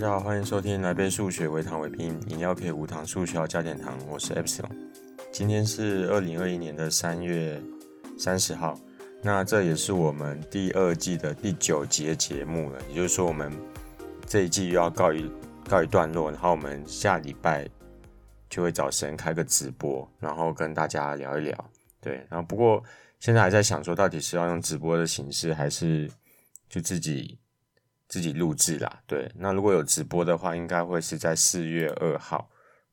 大家好，歡迎收聽來杯數學微糖微冰，飲料可以無糖，數學要加點糖。我是 Epsilon，今天是二零二一年的三月三十號，那這也是我們第二季的第九集節目了，也就是說我們這一季又要告一告一段落，然後我們下禮拜就會找神開個直播，然後跟大家聊一聊，對，然後不過現在還在想說，到底是要用直播的形式，還是就自己。自己錄製啦，對。那如果有直播的話，應該會是在四月二號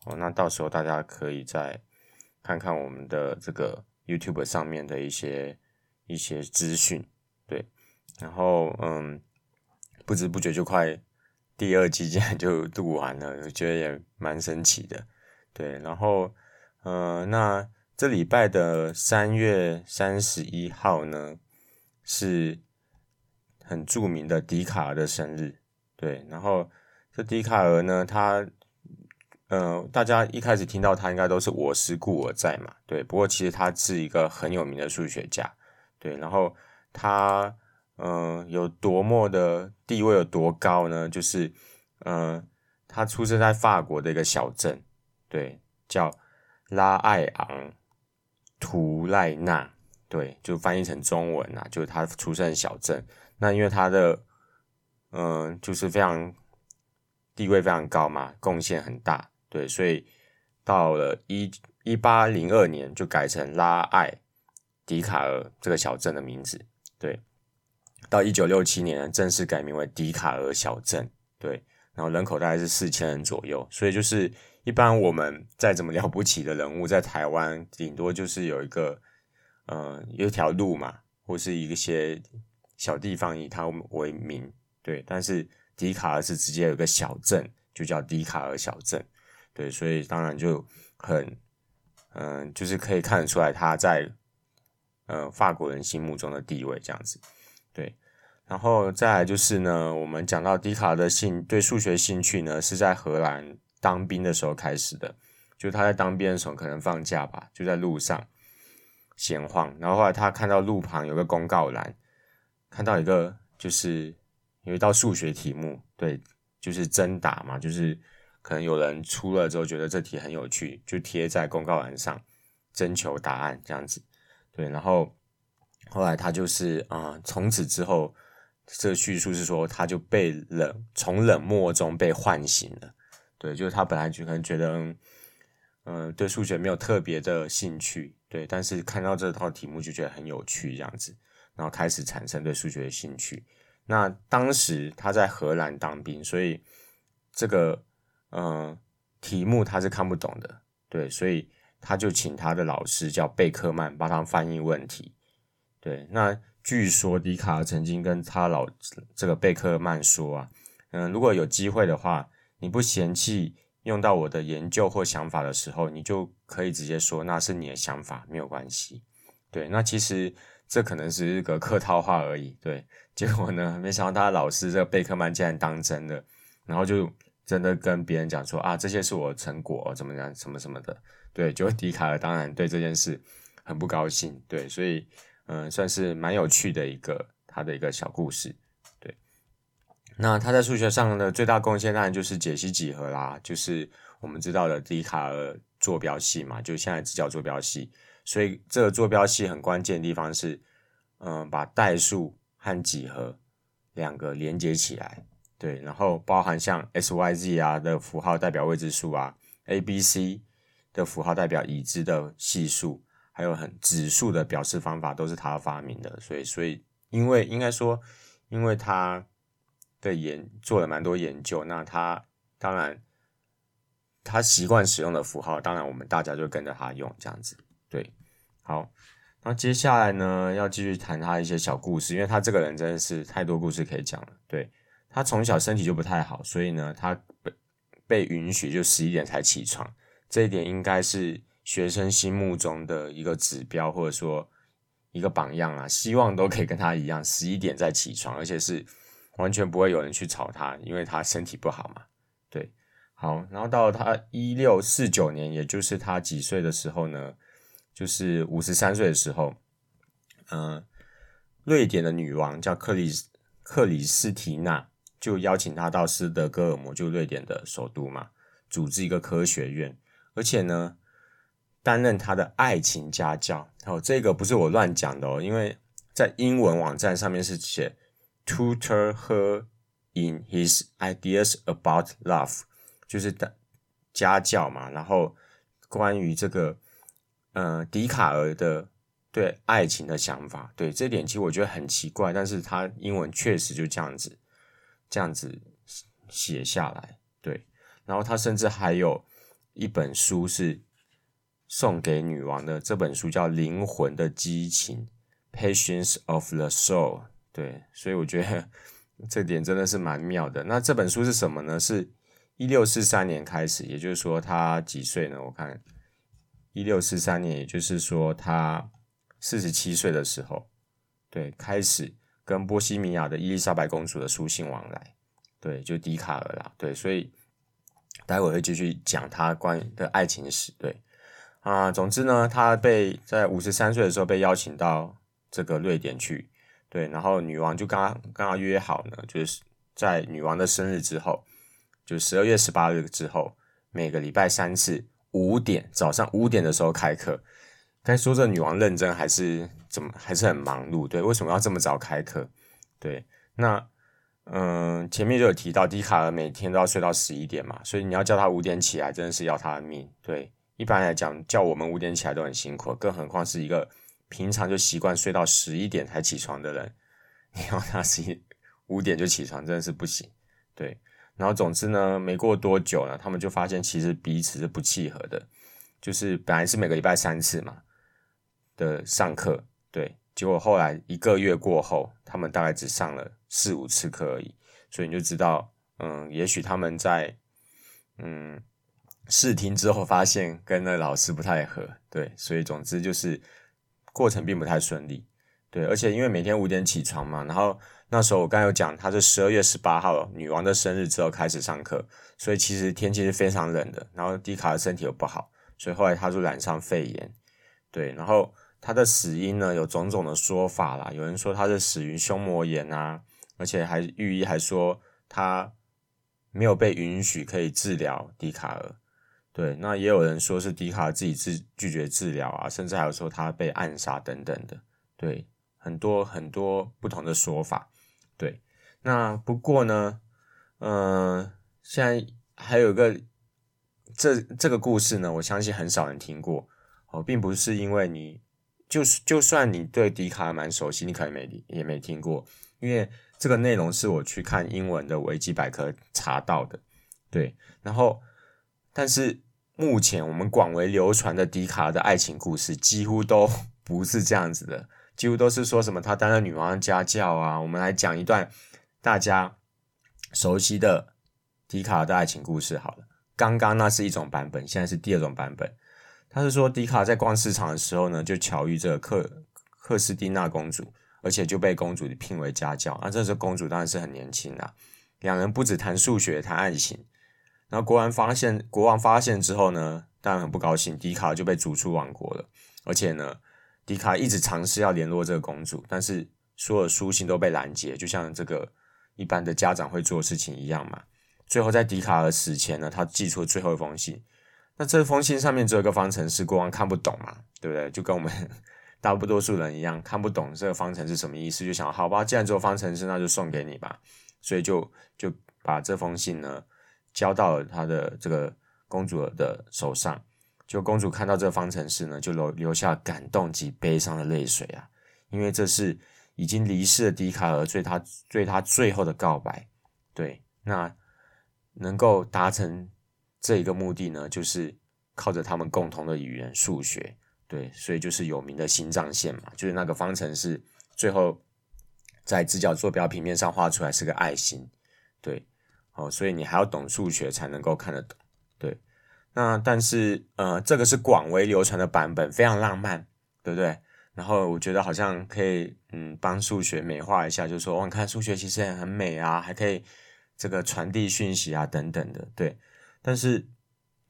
哦。那到時候大家可以再看看我們的這個 YouTube 上面的一些一些資訊，對。然後，嗯，不知不覺就快第二季竟然就錄完了，我覺得也蠻神奇的，對。然後，嗯、呃，那這禮拜的三月三十一號呢是。很著名的笛卡爾的生日，對，然後這笛卡爾呢，他，呃，大家一開始聽到他應該都是我思故我在嘛，對，不過其實他是一個很有名的數學家，對，然後他，嗯、呃，有多麼的地位有多高呢？就是，嗯、呃，他出生在法國的一個小鎮，對，叫拉埃昂圖賴納。對，就翻譯成中文啊，就是他出生的小鎮。那因為他的，嗯、呃，就是非常地位非常高嘛，貢獻很大。對，所以到了一一八零二年就改成拉艾笛卡兒這個小鎮的名字。對，到一九六七年正式改名為笛卡兒小鎮。對，然後人口大概是四千人左右。所以就是一般我們再怎麼了不起的人物，在台灣頂多就是有一個。呃，嗯，有一條路嘛，或是一些小地方以它為名，對。但是笛卡爾是直接有個小鎮，就叫笛卡爾小鎮，對。所以當然就很，嗯，就是可以看出來他在，呃，法國人心目中的地位這樣子，對。然後再來就是呢，我們講到笛卡爾的興對數學興趣呢，是在荷蘭當兵的時候開始的，就他在當兵的時候可能放假吧，就在路上。閒晃，然後後來他看到路旁有個公告欄，看到一個就是有一道數學題目，對，就是徵答嘛，就是可能有人出了之後覺得這題很有趣，就貼在公告欄上徵求答案這樣子，對，然後後來他就是啊、嗯，從此之後，這敘述是說他就被冷從冷漠中被喚醒了，對，就是他本來就可能覺得，嗯，對數學沒有特別的興趣。對，但是看到這套題目就覺得很有趣，這樣子，然後開始產生對數學的興趣。那當時他在荷蘭當兵，所以這個嗯題目他是看不懂的，對，所以他就請他的老師叫貝克曼幫他翻譯問題。對，那據說笛卡爾曾經跟他老這個貝克曼說啊，嗯，如果有機會的話，你不嫌棄。用到我的研究或想法的時候，你就可以直接說那是你的想法，沒有關係。對，那其實這可能只是一個客套話而已。對，結果呢，沒想到他的老師這個貝克曼竟然當真了，然後就真的跟別人講說啊，這些是我的成果，怎麼樣，什麼什麼的。對，就笛卡爾當然對這件事很不高興。對，所以嗯，算是蠻有趣的一個他的一個小故事。那他在數學上的最大貢獻當然就是解析幾何啦，就是我們知道的笛卡爾坐標系嘛，就現在直角坐標系。所以這個坐標系很關鍵的地方是，嗯，把代數和幾何兩個連接起來，對。然後包含像 x y、z 啊的符號代表未知數啊，a、b、c 的符號代表已知的係數，還有很指數的表示方法都是他發明的。所以，所以因為應該說，因為他。對，也做了蠻多研究，那他當然他習慣使用的符號，當然我們大家就跟着他用這樣子。對，好，那接下來呢，要繼續談他一些小故事，因為他這個人真的是太多故事可以講了。對，他從小身體就不太好，所以呢，他被被允許就十一點才起床，這一點應該是學生心目中的一個指標，或者說一個榜樣啊，希望都可以跟他一樣，十一點再起床，而且是。完全不會有人去吵他，因為他身體不好嘛。對，好，然後到了他一六四九年，也就是他幾歲的時候呢？就是五十三歲的時候，嗯、呃，瑞典的女王叫克里斯克里斯提娜，就邀請他到斯德哥爾摩，就瑞典的首都嘛，組織一個科學院，而且呢，擔任他的愛情家教。哦，這個不是我亂講的哦，因為在英文網站上面是寫。Tutor her in his ideas about love，就是家教嘛。然後關於這個，呃，笛卡爾的對愛情的想法，對，這點其實我覺得很奇怪，但是他英文確實就這樣子這樣子寫下來。對，然後他甚至還有一本書是送給女王的，這本書叫《靈魂的激情》，Patience of the Soul。對，所以我覺得這點真的是蠻妙的。那這本書是什麼呢？是1643年開始，也就是說他幾歲呢？我看1643年，也就是說他四十七歲的時候，對，開始跟波西米亞的伊麗莎白公主的書信往來，對，就笛卡爾啦，對，所以待會會繼續講他關於的愛情史。對，啊，總之呢，他被在五十三歲的時候被邀請到這個瑞典去。對，然後女王就剛剛剛約好呢，就是在女王的生日之後，就是十二月十八日之後，每個禮拜三次，五點，早上五點的時候開課。該說這女王認真還是怎麼，還是很忙碌。對，為什麼要這麼早開課？對，那嗯，前面就有提到，笛卡兒每天都要睡到十一點嘛，所以你要叫他五點起來，真的是要他的命。對，一般來講叫我們五點起來都很辛苦，更何況是一個。平常就習慣睡到十一點才起床的人，你要他五點就起床，真的是不行。對，然後總之呢，沒過多久呢，他們就發現其實彼此是不契合的。就是本來是每個禮拜三次嘛的上課，對，結果後來一個月過後，他們大概只上了四五次課而已。所以你就知道，嗯，也許他們在嗯試聽之後發現跟那老師不太合，對，所以總之就是。過程並不太順利，對，而且因為每天五點起床嘛，然後那時候我剛有講，他是十二月十八號女王的生日之後開始上課，所以其實天氣是非常冷的，然後笛卡兒身體又不好，所以後來他就染上肺炎，對，然後他的死因呢有種種的說法啦，有人說他是死於胸膜炎啊，而且還御醫還說他沒有被允許可以治療笛卡兒。對，那也有人說是笛卡自己自拒絕治療啊，甚至還有說他被暗殺等等的，對，很多很多不同的說法。對，那不過呢，嗯、呃，現在還有一個這這個故事呢，我相信很少人聽過哦，並不是因為你，就是就算你對笛卡蠻熟悉，你可能沒也沒聽過，因為這個內容是我去看英文的維基百科查到的，對，然後但是。目前我們廣為流傳的笛卡爾的愛情故事幾乎都不是這樣子的，幾乎都是說什麼他擔任女王家教啊。我們來講一段大家熟悉的笛卡爾的愛情故事好了。剛剛那是一種版本，現在是第二種版本。他是說笛卡在逛市場的時候呢，就巧遇這個克克斯蒂娜公主，而且就被公主聘為家教。啊，這時候公主當然是很年輕的，啊，兩人不止談數學，談愛情。那國王發現，國王發現之後呢，當然很不高興。笛卡爾就被逐出王國了。而且呢，笛卡爾一直嘗試要聯絡這個公主，但是所有書信都被攔截，就像這個一般的家長會做事情一樣嘛。最後在笛卡爾死前呢，他寄出最後一封信。那這封信上面只有一個方程式，國王看不懂嘛，對不對？就跟我們 大不多數人一樣，看不懂這個方程式什麼意思，就想好吧，既然只有方程式，那就送給你吧。所以就就把這封信呢。交到了他的這個公主的手上，就公主看到這方程式呢，就留留下感動及悲傷的淚水啊，因為這是已經離世的笛卡爾對他對他最後的告白。對，那能夠達成這一個目的呢，就是靠着他們共同的語言數學。對，所以就是有名的心臟線嘛，就是那個方程式最後在直角坐標平面上畫出來是個愛心。對。哦，所以你還要懂數學才能夠看得懂，對。那但是，呃，這個是廣為流傳的版本，非常浪漫，對不對？然後我覺得好像可以，嗯，幫數學美化一下，就是說，哇、哦，你看數學其實也很美啊，還可以這個傳遞訊息啊，等等的，對。但是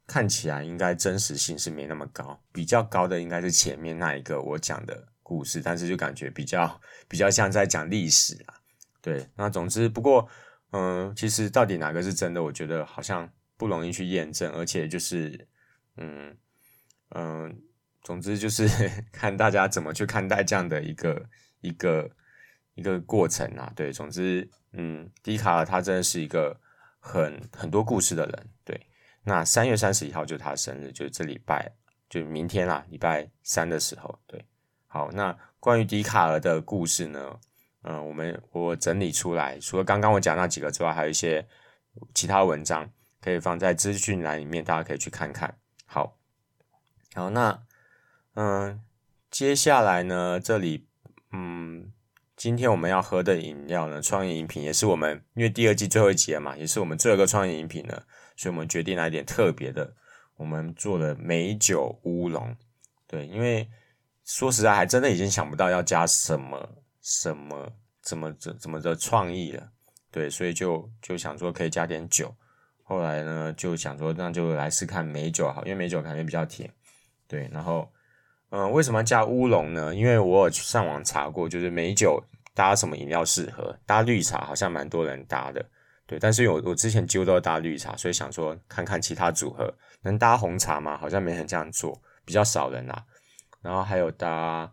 看起來應該真實性是沒那麼高，比較高的應該是前面那一個我講的故事，但是就感覺比較比較像在講歷史啊，對。那總之，不過。嗯，其實到底哪個是真的？我覺得好像不容易去驗證，而且就是，嗯嗯，總之就是呵呵看大家怎麼去看待這樣的一個一個一個過程啊。對，總之，嗯，笛卡兒他真的是一個很很多故事的人。對，那三月三十一號就是他生日，就是這禮拜，就明天啦，禮拜三的時候。對，好，那關於笛卡兒的故事呢，嗯，我們我整理出來，除了剛剛我講那幾個之外，還有一些其他文章可以放在資訊欄裡面，大家可以去看看。好，好，那嗯，接下來呢，這裡嗯，今天我們要喝的飲料呢，創意飲品也是我們，因為第二季最後一集嘛，也是我們最後一個創意飲品呢，所以我們決定來一點特別的，我們做了梅酒烏龍。對，因為說實在，還真的已經想不到要加什麼。什麼怎麼怎怎麼的創意了？對，所以就就想說可以加點酒。後來呢，就想說那就來試看梅酒好，因為梅酒感覺比較甜。對，然後，嗯，為什麼要加烏龍呢？因為我有上網查過，就是梅酒搭什麼飲料適合？搭綠茶好像蠻多人搭的。對，但是我我之前幾乎都搭綠茶，所以想說看看其他組合能搭紅茶嗎？好像沒人這樣做，比較少人啊。然後還有搭。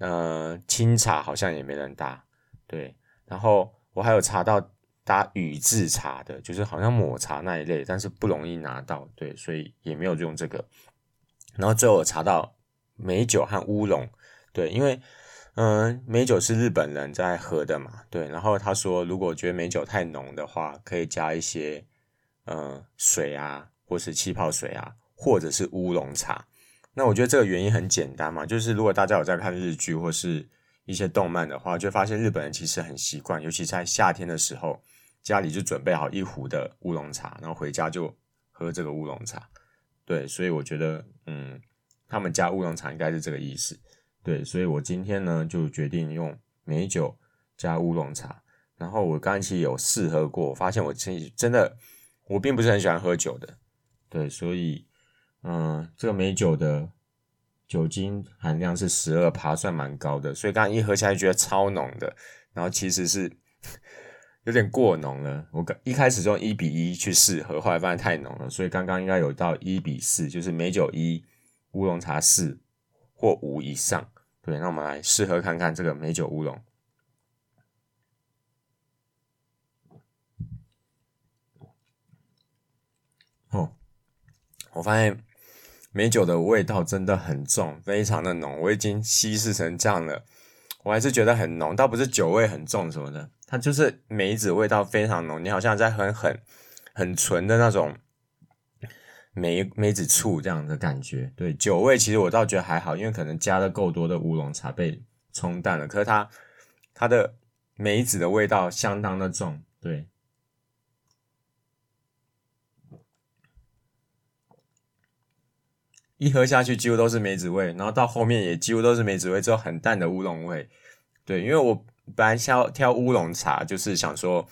呃，清茶好像也沒人搭，對。然後我還有查到搭宇治茶的，就是好像抹茶那一類，但是不容易拿到，對，所以也沒有用這個。然後最後我查到梅酒和烏龍，對，因為嗯、呃，梅酒是日本人在喝的嘛，對。然後他說，如果覺得梅酒太濃的話，可以加一些嗯、呃、水啊，或是氣泡水啊，或者是烏龍茶。那我覺得這個原因很簡單嘛，就是如果大家有在看日劇或是一些動漫的話，就發現日本人其實很習慣，尤其在夏天的時候，家裡就準備好一壺的烏龍茶，然後回家就喝這個烏龍茶。對，所以我覺得，嗯，他們家烏龍茶應該是這個意思。對，所以我今天呢就決定用梅酒加烏龍茶。然後我剛其實有試喝過，我發現我真的我並不是很喜歡喝酒的。對，所以。嗯，這個梅酒的酒精含量是十二趴，算蠻高的，所以剛剛一喝起來覺得超濃的，然後其實是有點過濃了。我剛一開始就用一比一去試喝，後來發現太濃了，所以剛剛應該有到一比四，就是梅酒一烏龍茶四或五以上。對，那我們來試喝看看這個梅酒烏龍。哦，我發現。梅酒的味道真的很重，非常的濃。我已經稀釋成這樣了，我還是覺得很濃。倒不是酒味很重什麼的，它就是梅子味道非常濃。你好像在喝很很很純的那種梅梅子醋這樣的感覺。對，酒味其實我倒覺得還好，因為可能加了夠多的烏龍茶被沖淡了。可是它它的梅子的味道相當的重，對。一喝下去幾乎都是梅子味，然後到後面也幾乎都是梅子味，只有很淡的烏龍味。對，因為我本來挑挑烏龍茶，就是想說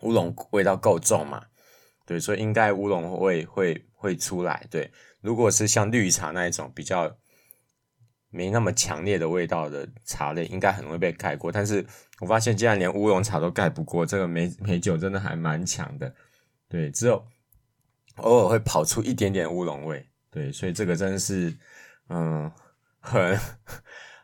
烏龍味道夠重嘛，對，所以應該烏龍味會會，會出來。對，如果是像綠茶那一種比較沒那麼強烈的味道的茶類，應該很容易被蓋過。但是我發現，竟然連烏龍茶都蓋不過，這個梅梅酒真的還蠻強的。對，只有偶爾會跑出一點點烏龍味。對，所以這個真的是，嗯，很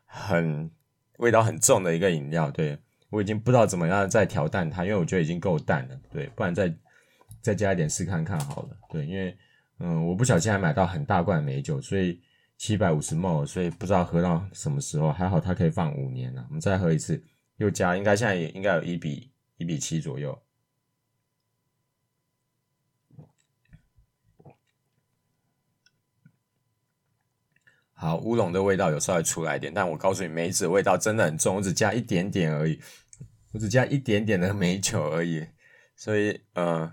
很味道很重的一個飲料。對，我已經不知道怎麼樣再調淡它，因為我覺得已經夠淡了。對，不然再再加一點試看看好了。對，因為嗯，我不小心還買到很大罐梅酒，所以七百五十毫升，所以不知道喝到什麼時候。還好它可以放五年了，我們再喝一次，又加，應該現在也應該有一比一比七左右。好，烏龍的味道有時候會出來一點，但我告訴你，梅子味道真的很重，我只加一點點而已，我只加一點點的梅酒而已，所以呃，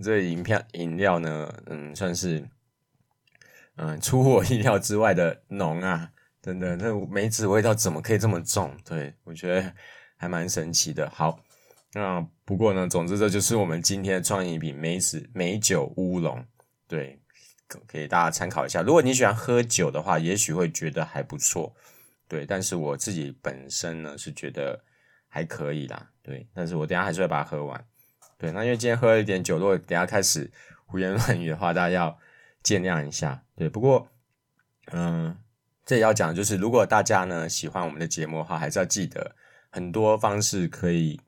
這飲品飲料呢，嗯，算是嗯、呃、出乎我意料之外的濃啊，真的，那梅子味道怎麼可以這麼重？對，我覺得還蠻神奇的。好，那不過呢，總之這就是我們今天的創意品——梅子梅酒烏龍，對。給大家參考一下，如果你喜歡喝酒的話，也許會覺得還不錯，對。但是我自己本身呢，是覺得還可以啦，對。但是我等一下還是會把它喝完，對。那因為今天喝了一點酒，如果等一下開始胡言亂語的話，大家要見諒一下，對。不過，嗯、呃，這也要講的就是，如果大家呢喜歡我們的節目的話，還是要記得很多方式可以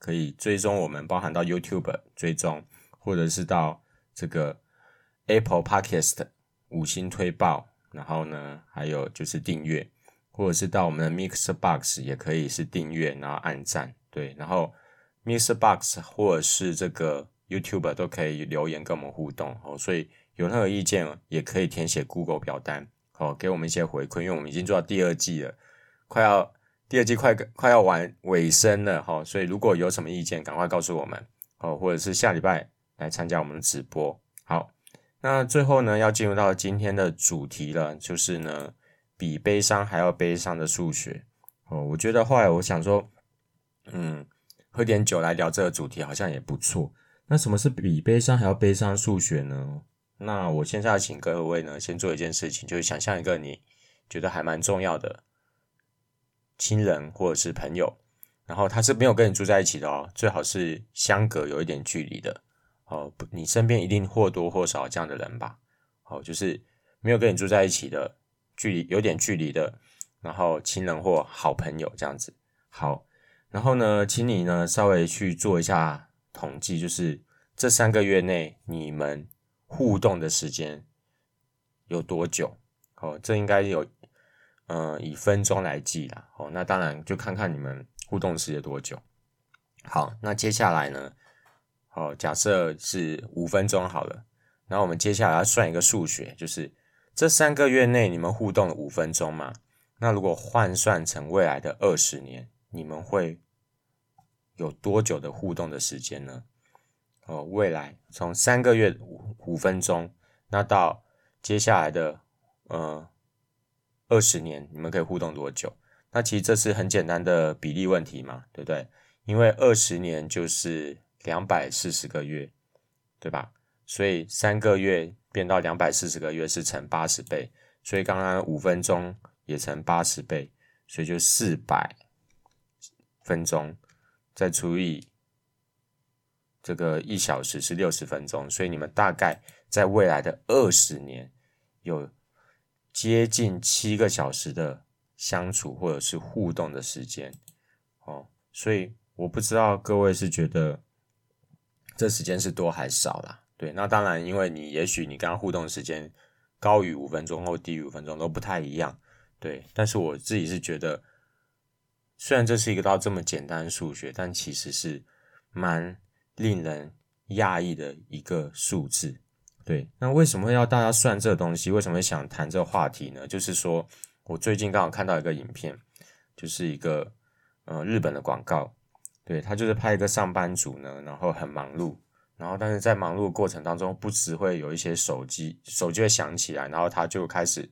可以追蹤我們，包含到 YouTube 追蹤，或者是到這個。Apple Podcast 五星推爆，然後呢，還有就是訂閱，或者是到我們的 Mixbox 也可以是訂閱，然後按讚，對，然後 Mixbox 或者是這個 YouTube 都可以留言跟我們互動哦，所以有任何意見也可以填寫 Google 表單哦，給我們一些回饋，因為我們已經做到第二季了，快要第二季快快要完尾聲了哈、哦，所以如果有什麼意見，趕快告訴我們哦，或者是下禮拜來參加我們的直播，好、哦。那最後呢，要進入到今天的主題了，就是呢，比悲傷還要悲傷的數學。哦，我覺得後來我想說，嗯，喝點酒來聊這個主題好像也不錯。那什麼是比悲傷還要悲傷數學呢？那我現在要請各位呢，先做一件事情，就是想象一個你覺得還蠻重要的親人或者是朋友，然後他是沒有跟你住在一起的哦，最好是相隔有一點距離的。哦，你身邊一定或多或少這樣的人吧？哦，就是沒有跟你住在一起的，距離有點距離的，然後親人或好朋友這樣子。好，然後呢，請你呢稍微去做一下統計，就是這三個月內你們互動的時間有多久？哦，這應該有嗯、呃、以分鐘來計啦。哦，那當然就看看你們互動時間多久。好，那接下來呢？哦，假設是五分鐘好了，那我們接下來要算一個數學，就是這三個月內你們互動了五分鐘嘛？那如果換算成未來的二十年，你們會有多久的互動的時間呢？哦，未來從三個月五五分鐘，那到接下來的呃二十年，你們可以互動多久？那其實這是很簡單的比例問題嘛，對不對？因為二十年就是。兩百四十個月，對吧？所以三個月變到兩百四十個月是乘八十倍，所以剛剛五分鐘也乘八十倍，所以就四百分鐘，再除以這個一小時是六十分鐘，所以你們大概在未來的二十年有接近七個小時的相處或者是互動的時間，哦，所以我不知道各位是覺得。這時間是多還是少啦？對，那當然，因為你也許你跟他互動時間高於五分鐘或低於五分鐘都不太一樣，對。但是我自己是覺得，雖然這是一個到這麼簡單數學，但其實是蠻令人訝異的一個數字。對，那為什麼要大家算這東西？為什麼想談這個話題呢？就是說我最近剛好看到一個影片，就是一個呃日本的廣告。對他就是拍一個上班族呢，然後很忙碌，然後但是在忙碌的過程當中，不時會有一些手機手機會響起來，然後他就開始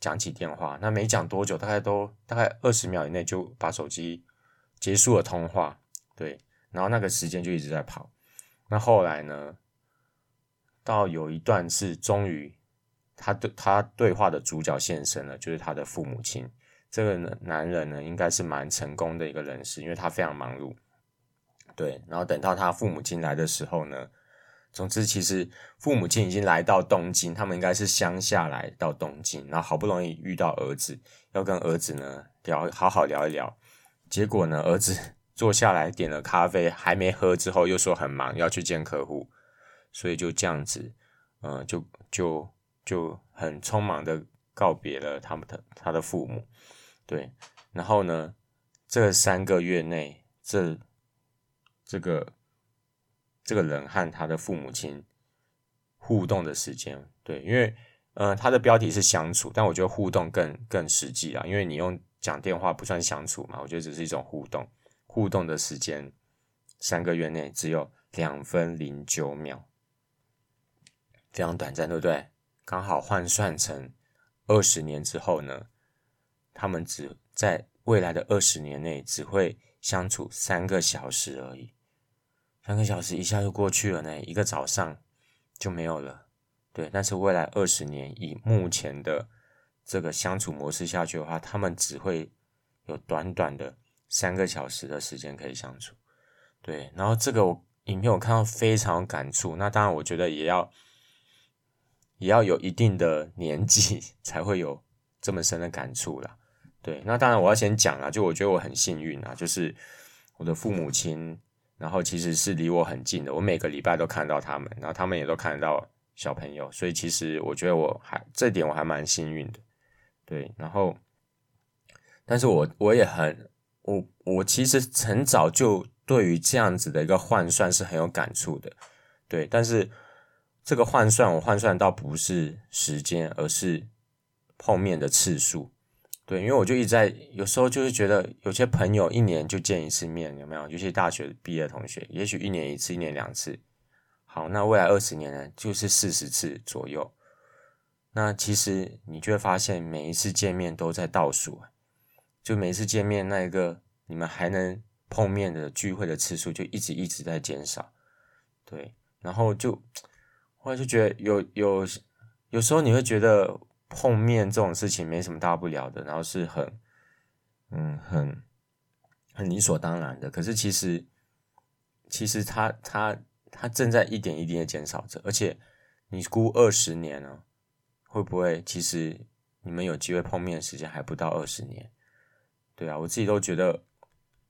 講起電話。那沒講多久，大概都大概二十秒以內就把手機結束了通話。對，然後那個時間就一直在跑。那後來呢，到有一段是終於他對他對話的主角現身了，就是他的父母親。這個男人呢，應該是蠻成功的一個人士，因為他非常忙碌。對，然後等到他父母親來的時候呢，總之其實父母親已經來到東京，他們應該是鄉下來到東京，然後好不容易遇到兒子，要跟兒子呢聊好好聊一聊。結果呢，兒子坐下來點了咖啡還沒喝，之後又說很忙要去見客戶，所以就這樣子，嗯、呃，就就就很匆忙的告別了他們的他的父母。對，然後呢，這三個月內，這這個這個人和他的父母親互動的時間，對，因為嗯、呃，他的標題是相處，但我覺得互動更更實際啊，因為你用講電話不算相處嘛，我覺得只是一種互動。互動的時間三個月內只有兩分零九秒，非常短暫，對不對？剛好換算成二十年之後呢？他們只在未來的二十年內只會相處三個小時而已，三個小時一下就過去了呢，一個早上就沒有了。對，但是未來二十年以目前的這個相處模式下去的話，他們只會有短短的三個小時的時間可以相處。對，然後這個我影片我看到非常有感觸。那當然，我覺得也要也要有一定的年紀才會有這麼深的感觸啦。對，那當然我要先講啊，就我覺得我很幸運啊，就是我的父母親，然後其實是離我很近的，我每個禮拜都看到他們，然後他們也都看得到小朋友，所以其實我覺得我還這點我還蠻幸運的。對，然後，但是我我也很我我其實很早就對於這樣子的一個換算是很有感觸的。對，但是這個換算我換算到不是時間，而是碰面的次數。對，因為我就一直在，有時候就是覺得有些朋友一年就見一次面，有沒有？尤其大學畢業同學，也許一年一次，一年兩次。好，那未來二十年呢，就是四十次左右。那其實你就會發現，每一次見面都在倒數，就每一次見面那一個你們還能碰面的聚會的次數，就一直一直在減少。對，然後就，後來就覺得有有，有時候你會覺得。碰面這種事情沒什麼大不了的，然後是很，嗯，很，很理所當然的。可是其實，其實他他他正在一點一滴的減少着，而且你估二十年呢，啊，會不會其實你們有機會碰面的時間還不到二十年？對啊，我自己都覺得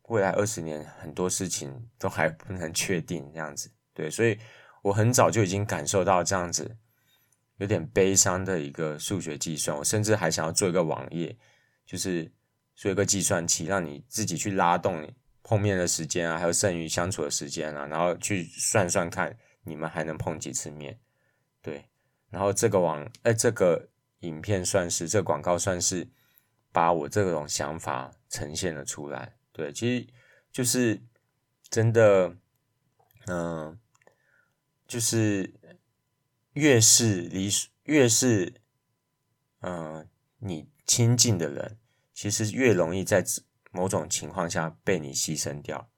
未來二十年很多事情都還不能確定這樣子。對，所以我很早就已經感受到這樣子。有點悲傷的一個數學計算，我甚至還想要做一個網頁，就是做一個計算器，讓你自己去拉動你碰面的時間啊，還有剩餘相處的時間啊，然後去算算看你們還能碰幾次面。對，然後這個網，哎，這個影片算是，這廣告算是把我這種想法呈現了出來。對，其實就是真的，嗯，就是。越是離越是嗯、呃、你親近的人，其實越容易在某種情況下被你犧牲掉。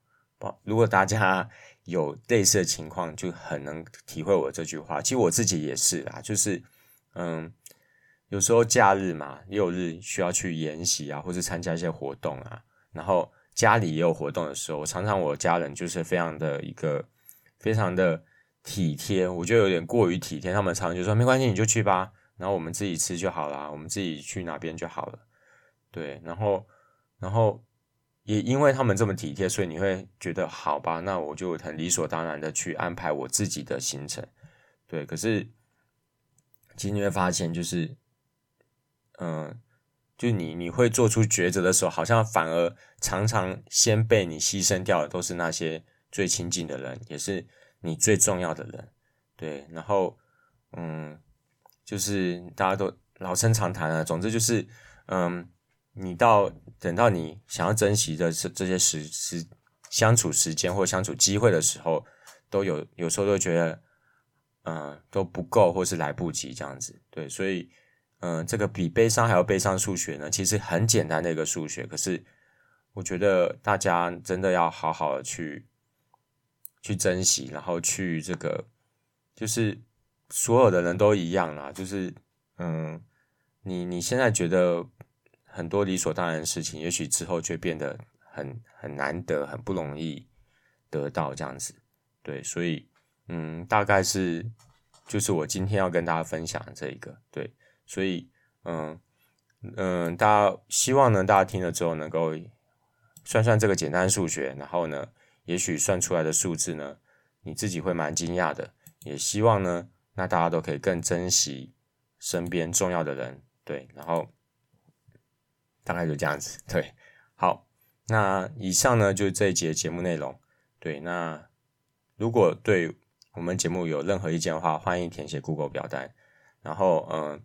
如果大家有類似的情況，就很能體會我這句話。其實我自己也是啦，就是嗯，有時候假日嘛，六日需要去研習啊，或是參加一些活動啊，然後家裡也有活動的時候，我常常我家人就是非常的一個，非常的。體貼，我覺得有點過於體貼。他們常常就說：“沒關係，你就去吧，然後我們自己吃就好了，我們自己去哪邊就好了。”對，然後，然後也因為他們這麼體貼，所以你會覺得好吧，那我就很理所當然的去安排我自己的行程。對，可是，其實你會發現，就是，嗯，就你你會做出抉擇的時候，好像反而常常先被你犧牲掉的都是那些最親近的人，也是。你最重要的人，對，然後，嗯，就是大家都老生常談啊。總之就是，嗯，你到等到你想要珍惜的這這些時時相處時間或相處機會的時候，都有有時候都覺得，嗯，都不夠或是來不及這樣子，對，所以，嗯，這個比悲傷還要悲傷數學呢，其實很簡單的一個數學，可是我覺得大家真的要好好的去。去珍惜，然後去這個，就是所有的人都一樣啦，就是嗯，你你現在覺得很多理所當然的事情，也許之後卻變得很很難得，很不容易得到這樣子，對，所以嗯，大概是就是我今天要跟大家分享這一個，對，所以嗯嗯，大家希望呢，大家聽了之後能夠算算這個簡單數學，然後呢。也許算出來的數字呢，你自己會蠻驚訝的。也希望呢，那大家都可以更珍惜身邊重要的人，對。然後大概就這樣子，對。好，那以上呢就是這一集節目內容。對，那如果對我們節目有任何意見的話，歡迎填寫 Google 表單。然後，嗯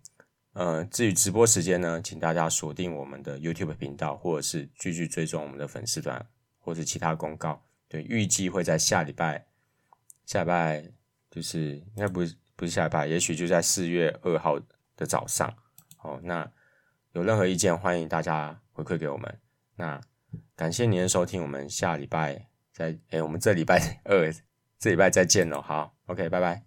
嗯，至於直播時間呢，請大家鎖定我們的 YouTube 頻道，或者是繼續追蹤我們的粉絲團，或者是其他公告。對，預計會在下禮拜，下禮拜就是應該不是不是下禮拜，也許就在四月二號的早上。好，那有任何意見，歡迎大家回饋給我們。那感謝您的收聽，我們下禮拜再，誒，我們這禮拜二，這禮拜再見嘍。好，OK，拜拜。